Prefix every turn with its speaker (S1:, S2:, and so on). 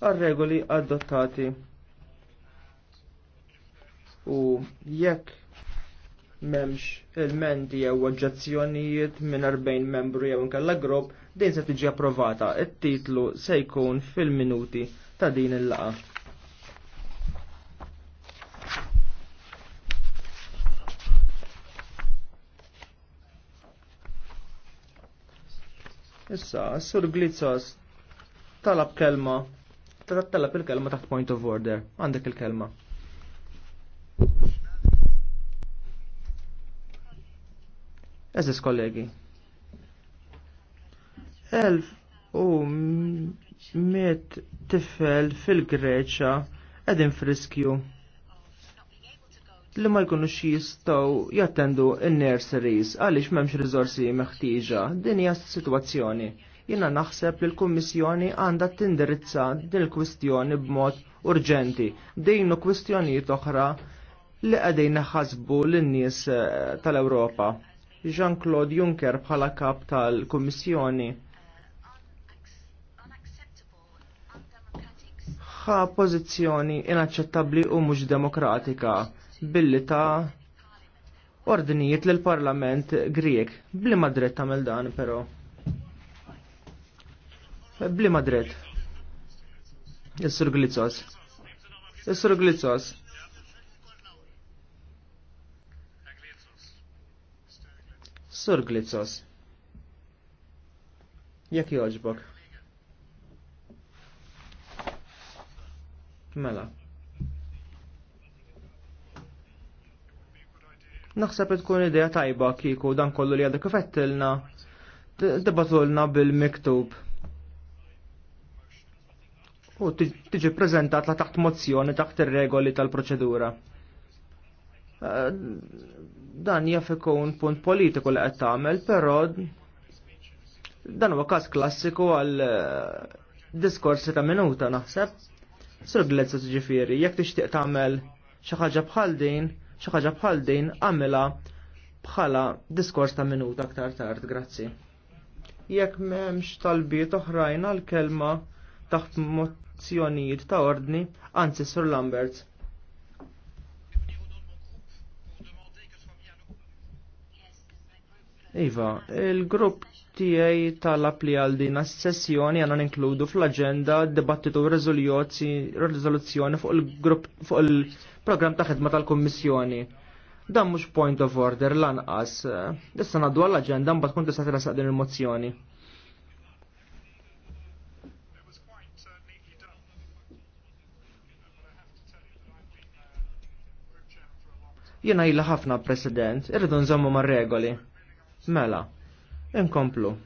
S1: għal-regoli adottati. U jekk memx il-mendi jew oġġazzjonijiet minn 40 membru jew inkella grupp, din se tiġi approvata. It-titlu se jkun fil-minuti ta' din il-laqa. Issa, Sur Glizzos talab kelma Talla il-kelma taħt point of order. Għandek il-kelma. Eżis kollegi. Elf u miet tifel fil-Greċa edin friskju li ma jkunux jistaw jattendu in-nurseries għaliex m'hemmx riżorsi meħtieġa. Din hija s-sitwazzjoni. Jiena naħseb li l-Kummissjoni għandha tindirizza din il-kwistjoni b'mod urġenti. Dejnu kwistjonijiet oħra li qegħdin ħasbu lin-nies eh, tal-Ewropa. Jean-Claude Juncker bħala kap tal-Kummissjoni ħa pożizzjoni inaċċettabbli u mhux demokratika billi ta' ordinijiet l-Parlament Grieg. Bli dritt tagħmel dan però. Bli madret. Jessur sur Glizzos. Is-sur Glizzos. Sur Glizzos. Jekk joġbok. Mela. Naħseb tkun idea tajba kiku dan kollu li għadek fettilna. Debatulna bil-miktub u tiġi prezentat la taħt mozzjoni taħt ir-regoli tal-proċedura. Eh, dan jaf ikun punt politiku li qed tagħmel, però dan huwa każ klassiku għal eh, diskorsi ta' minuta naħseb. Sur glezza ġifieri, jekk tixtieq tagħmel xi ħaġa bħal din, xi ħaġa bħal din għamilha bħala diskors ta' minuta aktar tard, grazzi. Jekk m'hemmx talbiet oħrajn għal kelma taħt kwistjonijiet ta' ordni, anzi Sur Lambert. Iva, il-grupp tiegħi talab li għal din sessjoni għandna inkludu fl-aġenda dibattitu riżoluzzjoni fuq il-grupp fuq il-programm ta' ħidma tal-Kummissjoni. Dan mhux point of order lanqas. Issa ngħaddu għall-aġenda mbagħad tkun tista' tirasaq din il-mozzjoni. jina jilla ħafna, President, irridu nżommu mar regoli. Mela, inkomplu.